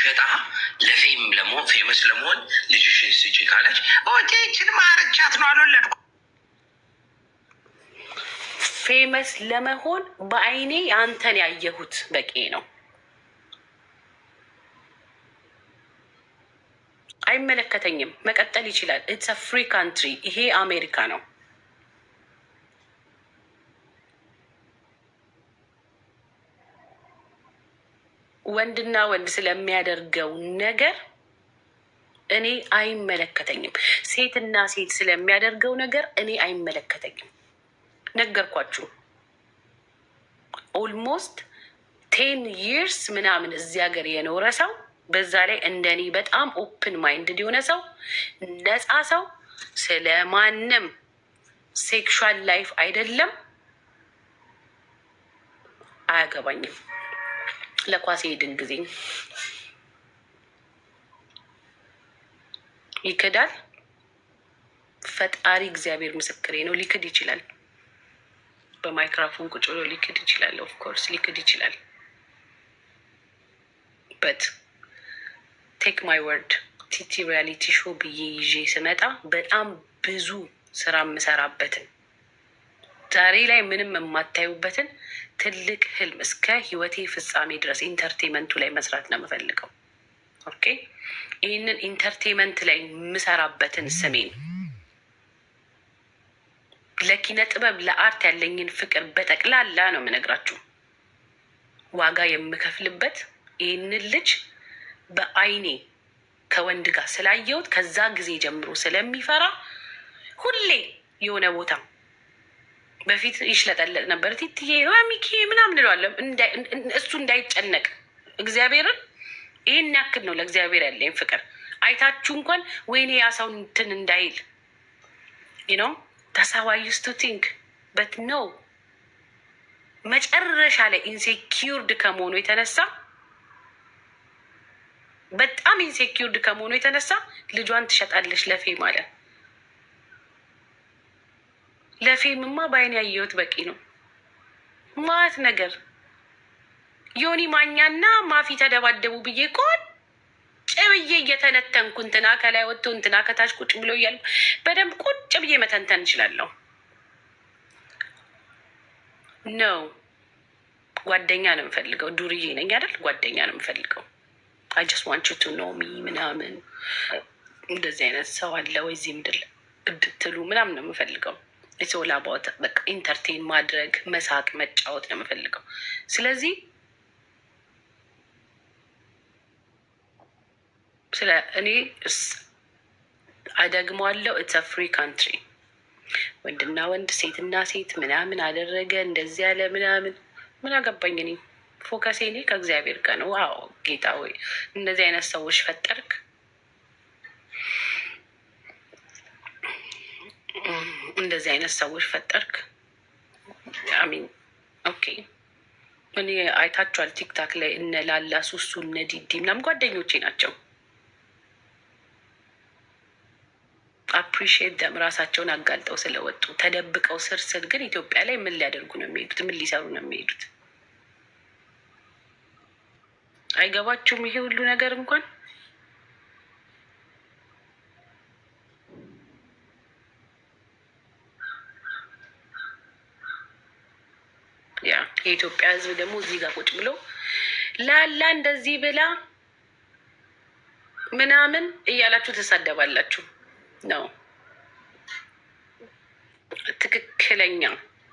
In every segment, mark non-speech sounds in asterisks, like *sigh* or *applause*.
ሸጣ ለፌም ለመሆን ፌመስ ለመሆን ልጅሽን ስጪ ካለች ኦቴችን ማረቻት ነው አልወለድኩም። ፌመስ ለመሆን በአይኔ አንተን ያየሁት በቂ ነው። አይመለከተኝም። መቀጠል ይችላል። ኢትስ ፍሪ ካንትሪ። ይሄ አሜሪካ ነው። ወንድና ወንድ ስለሚያደርገው ነገር እኔ አይመለከተኝም። ሴትና ሴት ስለሚያደርገው ነገር እኔ አይመለከተኝም። ነገርኳችሁ። ኦልሞስት ቴን ይርስ ምናምን እዚህ ሀገር የኖረ ሰው በዛ ላይ እንደኔ በጣም ኦፕን ማይንድድ የሆነ ሰው ነፃ ሰው ስለ ማንም ሴክሹዋል ላይፍ አይደለም አያገባኝም። ለኳስ የሄድን ጊዜ ይክዳል። ፈጣሪ እግዚአብሔር ምስክሬ ነው። ሊክድ ይችላል። በማይክራፎን ቁጭ ብሎ ሊክድ ይችላል። ኦፍኮርስ ሊክድ ይችላል። በት ቴክ ማይ ወርድ ቲቲ ሪያሊቲ ሾ ብዬ ይዤ ስመጣ በጣም ብዙ ስራ የምሰራበትን ዛሬ ላይ ምንም የማታዩበትን ትልቅ ህልም እስከ ህይወቴ ፍጻሜ ድረስ ኢንተርቴመንቱ ላይ መስራት ነው የምፈልገው። ኦኬ ይህንን ኢንተርቴመንት ላይ የምሰራበትን ስሜን ለኪነ ጥበብ ለአርት ያለኝን ፍቅር በጠቅላላ ነው የምነግራችሁ። ዋጋ የምከፍልበት ይህንን ልጅ በአይኔ ከወንድ ጋር ስላየሁት ከዛ ጊዜ ጀምሮ ስለሚፈራ ሁሌ የሆነ ቦታ በፊት ይሽለጠለጥ ነበር። ቲትዬ ሚኪ ምናምን እለዋለሁ እሱ እንዳይጨነቅ እግዚአብሔርን ይህን ያክል ነው ለእግዚአብሔር ያለኝ ፍቅር። አይታችሁ እንኳን ወይኔ ያ ሰው እንትን እንዳይል ዩኖ ታሳዋይ ቱ ቲንክ በት ኖ መጨረሻ ላይ ኢንሴኪርድ ከመሆኑ የተነሳ በጣም ኢንሴኪርድ ከመሆኑ የተነሳ ልጇን ትሸጣለች ለፌ ማለት ለፌምማ በአይን ያየሁት በቂ ነው። ማት ነገር ዮኒ ማኛና ማፊ ተደባደቡ ብዬ ቆን ብዬ እየተነተንኩ እንትና ከላይ ወጥቶ እንትና ከታች ቁጭ ብሎ እያልኩ በደንብ ቁጭ ብዬ መተንተን እችላለሁ። ነው ጓደኛ ነው የምፈልገው። ዱርዬ ነኝ አይደል? ጓደኛ ነው የምፈልገው። አጀስ ዋንቹ ቱ ኖሚ ምናምን እንደዚህ አይነት ሰው አለ ወይ እዚህ ምድር ግድትሉ ምናምን ነው የምፈልገው። ኦል በቃ ኢንተርቴን ማድረግ መሳቅ፣ መጫወት ነው የምፈልገው። ስለዚህ ስለ እኔ አደግመዋለሁ። ኢትስ ፍሪ ካንትሪ። ወንድና ወንድ ሴትና ሴት ምናምን አደረገ እንደዚህ ያለ ምናምን ምን አገባኝ እኔ ፎከሴ እኔ ከእግዚአብሔር ጋር ነው። አዎ ጌታ ወይ እንደዚህ አይነት ሰዎች ፈጠርክ። እንደዚህ አይነት ሰዎች ፈጠርክ። አሚን ኦኬ። እኔ አይታችኋል ቲክታክ ላይ እነ ላላ ሱሱ እነ ዲዲ ምናምን ጓደኞቼ ናቸው። አፕሪሺየት ደም ራሳቸውን አጋልጠው ስለወጡ ተደብቀው ስር ስር ግን ኢትዮጵያ ላይ ምን ሊያደርጉ ነው የሚሄዱት? ምን ሊሰሩ ነው የሚሄዱት? አይገባችሁም ይሄ ሁሉ ነገር እንኳን ያ የኢትዮጵያ ህዝብ ደግሞ እዚህ ጋር ቁጭ ብሎ ላላ እንደዚህ ብላ ምናምን እያላችሁ ትሳደባላችሁ ነው ትክክለኛ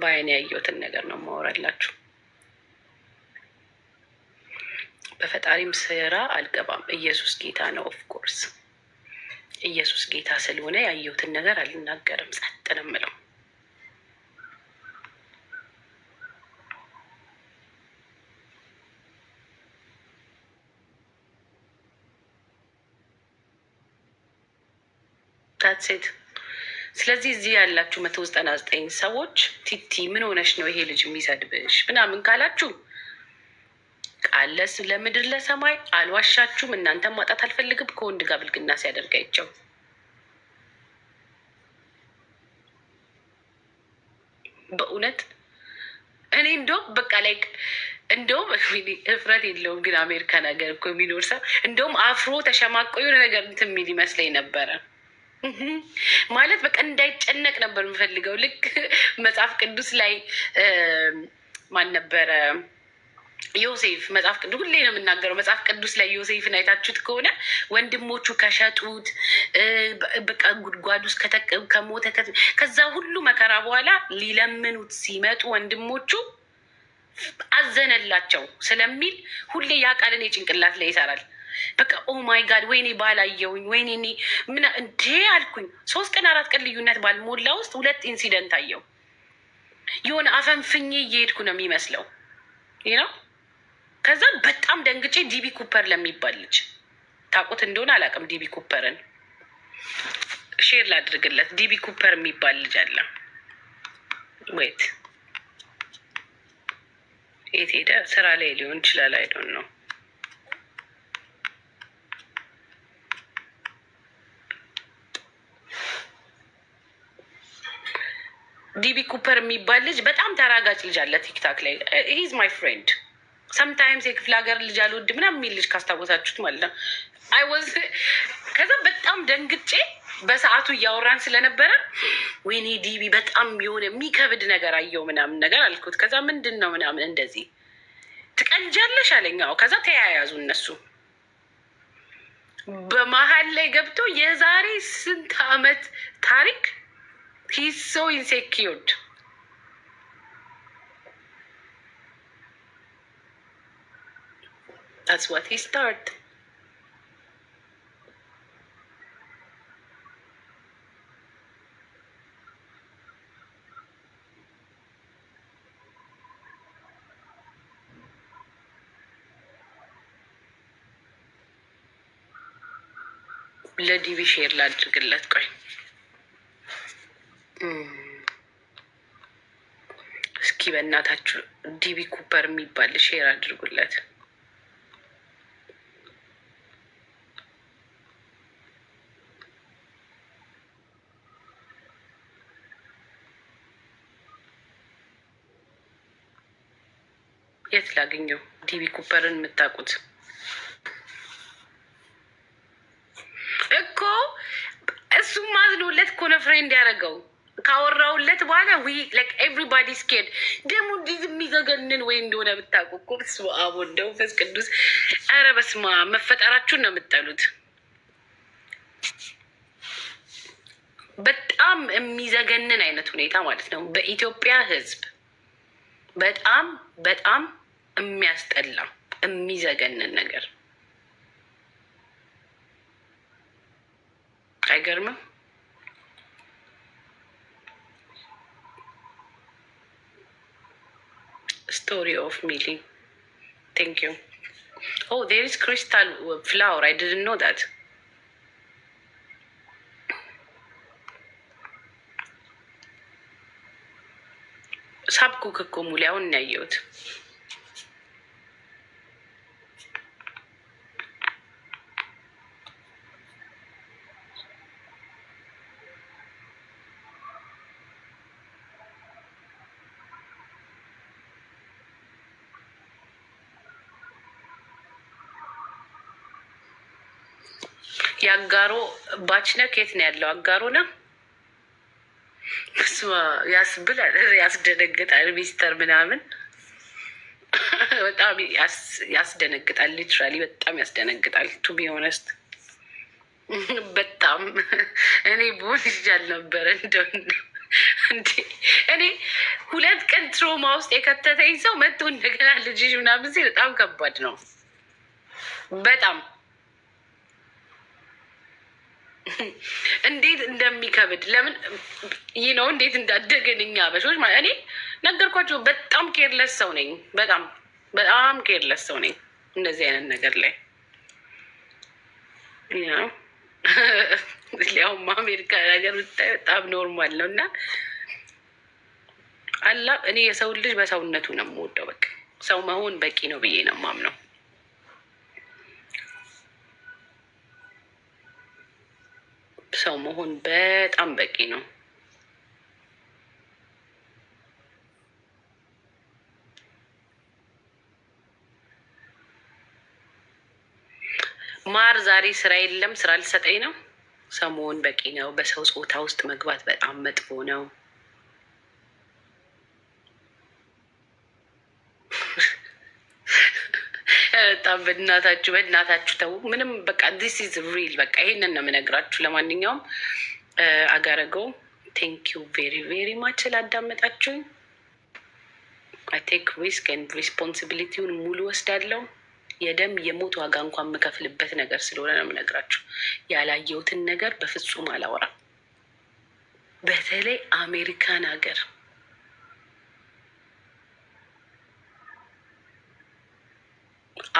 በአይን ያየሁትን ነገር ነው ማወራላችሁ። በፈጣሪም ስራ አልገባም። ኢየሱስ ጌታ ነው። ኦፍኮርስ ኢየሱስ ጌታ ስለሆነ ያየሁትን ነገር አልናገርም። ጸጥ ነው የምለው። የምትመታት ሴት። ስለዚህ እዚህ ያላችሁ መቶ ዘጠና ዘጠኝ ሰዎች ቲቲ ምን ሆነሽ ነው ይሄ ልጅ የሚሰድብሽ ምናምን ካላችሁ ቃለስ ለምድር ለሰማይ አልዋሻችሁም። እናንተም ማጣት አልፈልግም ከወንድ ጋር ብልግና ሲያደርግ በእውነት እኔ እንደውም በቃ ላይ እንደውም እፍረት የለውም ግን አሜሪካን ሀገር እኮ የሚኖር ሰው እንደውም አፍሮ ተሸማቆ የሆነ ነገር እንትን የሚል ይመስለኝ ነበረ። ማለት በቃ እንዳይጨነቅ ነበር የምፈልገው። ልክ መጽሐፍ ቅዱስ ላይ ማን ነበረ ዮሴፍ መጽሐፍ ቅዱስ ሁሌ ነው የምናገረው። መጽሐፍ ቅዱስ ላይ ዮሴፍን አይታችሁት ከሆነ ወንድሞቹ ከሸጡት በቃ ጉድጓድ ውስጥ ከሞተ ከዛ ሁሉ መከራ በኋላ ሊለምኑት ሲመጡ ወንድሞቹ አዘነላቸው ስለሚል ሁሌ ያ ቃልን የጭንቅላት ላይ ይሰራል። በቃ ኦ ማይ ጋድ ወይኔ ባላየውኝ ወይኔ ምን እንዴ አልኩኝ። ሶስት ቀን አራት ቀን ልዩነት ባልሞላ ውስጥ ሁለት ኢንሲደንት አየው። የሆነ አፈንፍኜ እየሄድኩ ነው የሚመስለው ነው። ከዛ በጣም ደንግጬ ዲቢ ኩፐር ለሚባል ልጅ ታቁት እንደሆነ አላውቅም። ዲቢ ኩፐርን ሼር ላድርግለት። ዲቢ ኩፐር የሚባል ልጅ አለ። ወይት የት ሄደ? ስራ ላይ ሊሆን ይችላል። አይዶን ነው ዲቢ ኩፐር የሚባል ልጅ በጣም ተራጋጭ ልጅ አለ ቲክታክ ላይ። ሂዝ ማይ ፍሬንድ ሰምታይምስ የክፍለ ሀገር ልጅ አልወድ ምናምን የሚል ልጅ ካስታወሳችሁት ማለት ነው። አይ ወዝ *laughs* ከዛ በጣም ደንግጬ በሰዓቱ እያወራን ስለነበረ ወይኔ ዲቢ በጣም የሆነ የሚከብድ ነገር አየው ምናምን ነገር አልኩት። ከዛ ምንድን ነው ምናምን እንደዚህ ትቀንጃለሽ አለኛው። ከዛ ተያያዙ እነሱ በመሀል ላይ ገብቶ የዛሬ ስንት አመት ታሪክ He's so insecure. That's what he start. ለዲቪ ሼር ላድርግለት ቆይ እስኪ በእናታችሁ ዲቢ ኩፐር የሚባል ሼር አድርጉለት። የት ላገኘው? ዲቢ ኩፐርን የምታውቁት እኮ እሱም አዝሎለት ኮነ ነው ፍሬንድ ያደረገው። ካወራውለት በኋላ ዊ ላይክ ኤቭሪባዲ ስኬድ ደግሞ እንዲህ የሚዘገንን ወይ እንደሆነ ብታውቁ እኮ በስመ አብ ወወልድ ወመንፈስ ቅዱስ። ኧረ በስመ አብ መፈጠራችሁን ነው የምጠሉት። በጣም የሚዘገንን አይነት ሁኔታ ማለት ነው። በኢትዮጵያ ሕዝብ በጣም በጣም የሚያስጠላ የሚዘገንን ነገር አይገርምም። ስቶሪ ኦፍ ሚሊ ቴንክ ዩ ኦ ዜር ኢዝ ክሪስታል ፍላወር አይ ዲድንት ኖ ዳት ሳብኩክ እኮ ሙሉ አሁን የአጋሮ ባችነክ ከየት ነው ያለው? አጋሮ ነው ያስብላል፣ ያስደነግጣል። ሚስተር ምናምን በጣም ያስደነግጣል። ሊትራሊ በጣም ያስደነግጣል። ቱ ቢ ሆነስት *laughs* በጣም እኔ ብሆን ይጃል ነበረ እንደው እኔ ሁለት ቀን ትሮማ ውስጥ የከተተኝ ሰው መቶ እንደገና ልጅ ምናምን ሲል በጣም ከባድ ነው። በጣም እንዴት እንደሚከብድ ለምን ይህ ነው እንዴት እንዳደገን እኛ አበሾች ማለት እኔ ነገርኳቸው። በጣም ኬርለስ ሰው ነኝ። በጣም በጣም ኬርለስ ሰው ነኝ እንደዚህ አይነት ነገር ላይ ሊያውም *laughs* አሜሪካ ነገር ብታይ በጣም ኖርማል ነው እና አላ እኔ የሰው ልጅ በሰውነቱ ነው የምወደው። በቃ ሰው መሆን በቂ ነው ብዬ ነው የማምነው። ሰው መሆን በጣም በቂ ነው። ማር ዛሬ ስራ የለም፣ ስራ ልሰጠኝ ነው። ሰው መሆን በቂ ነው። በሰው ጾታ ውስጥ መግባት በጣም መጥፎ ነው። በእናታችሁ በእናታችሁ ተው። ምንም በቃ ዲስ ኢዝ ሪል በቃ ይሄንን ነው የምነግራችሁ። ለማንኛውም አጋረገው ቴንክ ዩ ቬሪ ቬሪ ማች ስላዳመጣችሁኝ። አይ ቴክ ሪስክ ኤንድ ሪስፖንሲቢሊቲውን ሙሉ ወስዳለው የደም የሞት ዋጋ እንኳን የምከፍልበት ነገር ስለሆነ ነው የምነግራችሁ። ያላየሁትን ነገር በፍጹም አላወራም። በተለይ አሜሪካን ሀገር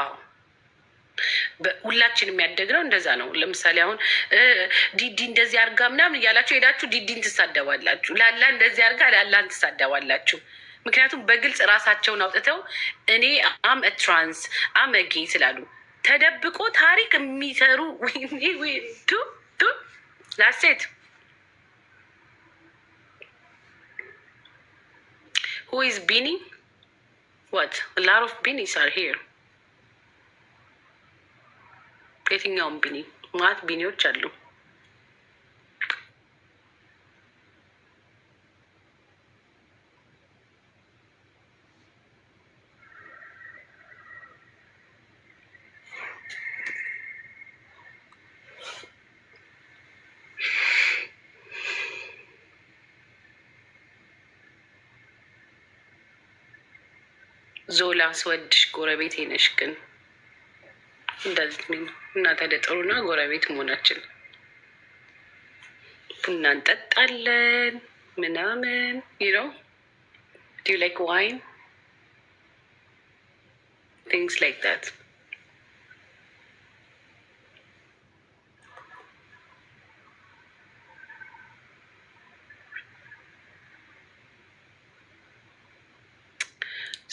አዎ ሁላችን የሚያደግነው እንደዛ ነው። ለምሳሌ አሁን ዲዲ እንደዚህ አርጋ ምናምን እያላችሁ ሄዳችሁ ዲዲን ትሳደባላችሁ። ላላ እንደዚህ አርጋ ላላን ትሳደባላችሁ። ምክንያቱም በግልጽ ራሳቸውን አውጥተው እኔ አም ትራንስ ጌ ስላሉ ተደብቆ ታሪክ የሚሰሩ ላሴት ሁዝ ቢኒ ዋት ላሮፍ ቢኒስ አር ሄር ከየትኛውም ቢኒ ማለት ቢኒዎች አሉ። ዞላ ስወድሽ ጎረቤቴ ነሽ ግን እንደዚህ ነው እና ታዲያ ጥሩና ጎረቤት መሆናችን ቡና እንጠጣለን ምናምን ይነው ዱ ዩ ላይክ ዋይን ቲንግስ ላይክ ዳት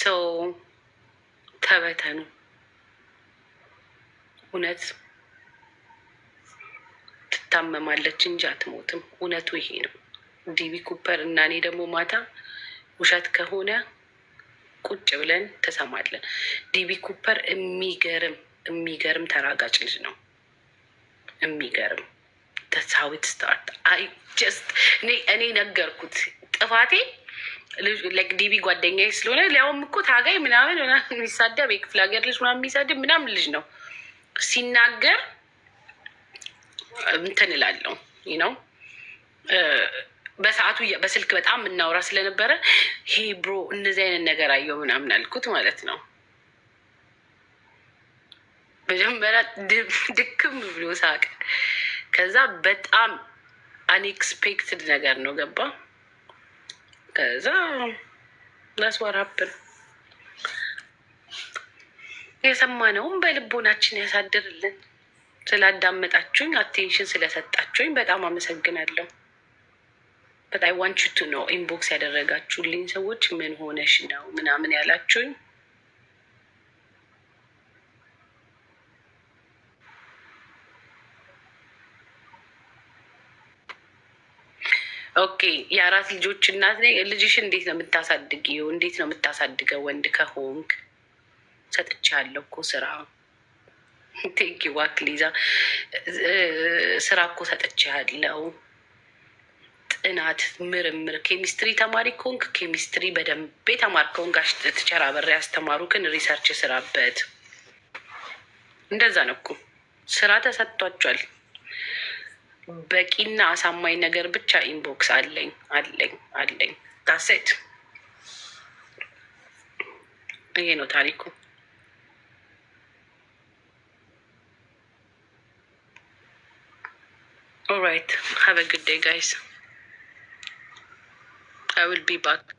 ሶ ተበተኑ እውነት ትታመማለች እንጂ አትሞትም። እውነቱ ይሄ ነው። ዲቢ ኩፐር እና እኔ ደግሞ ማታ ውሸት ከሆነ ቁጭ ብለን ተሰማለን። ዲቢ ኩፐር የሚገርም የሚገርም ተራጋጭ ልጅ ነው። የሚገርም ተሳዊት ስታርት አይ ጀስት እኔ ነገርኩት ጥፋቴ ላይክ ዲቢ ጓደኛ ስለሆነ ሊያውም እኮ ታጋይ ምናምን የሚሳደብ የክፍለ ሀገር ልጅ ምናምን የሚሳደብ ምናምን ልጅ ነው። ሲናገር እንትን እላለሁ ነው በሰዓቱ በስልክ በጣም እናውራ ስለነበረ ሄ ብሮ እነዚህ አይነት ነገር አየሁ ምናምን አልኩት ማለት ነው። መጀመሪያ ድክም ብሎ ሳቅ፣ ከዛ በጣም አንኤክስፔክትድ ነገር ነው ገባ። ከዛ ሀፕን የሰማነውም በልቦናችን ያሳድርልን። ስላዳመጣችሁኝ፣ አቴንሽን ስለሰጣችሁኝ በጣም አመሰግናለሁ። በጣም ዋንችቱ ነው ኢንቦክስ ያደረጋችሁልኝ ሰዎች ምን ሆነሽ ነው ምናምን ያላችሁኝ ኦኬ የአራት ልጆች እናት ልጅሽ እንዴት ነው የምታሳድግ? እንዴት ነው የምታሳድገው? ወንድ ከሆንክ ሰጥቼ ያለው እኮ ስራ ቴንኪ ሊዛ ስራ እኮ ሰጥቼ ያለው ጥናት፣ ምርምር፣ ኬሚስትሪ ተማሪ ከሆንክ ኬሚስትሪ በደንብ የተማርከውን ጋሽ ትቸር ያስተማሩ ግን ሪሰርች ስራበት። እንደዛ ነው እኮ ስራ ተሰጥቷቸዋል። በቂና አሳማኝ ነገር ብቻ ኢንቦክስ አለኝ አለኝ አለኝ ታሴት ይሄ ነው ታሪኩ። All right. Have a good day, guys. I will be back.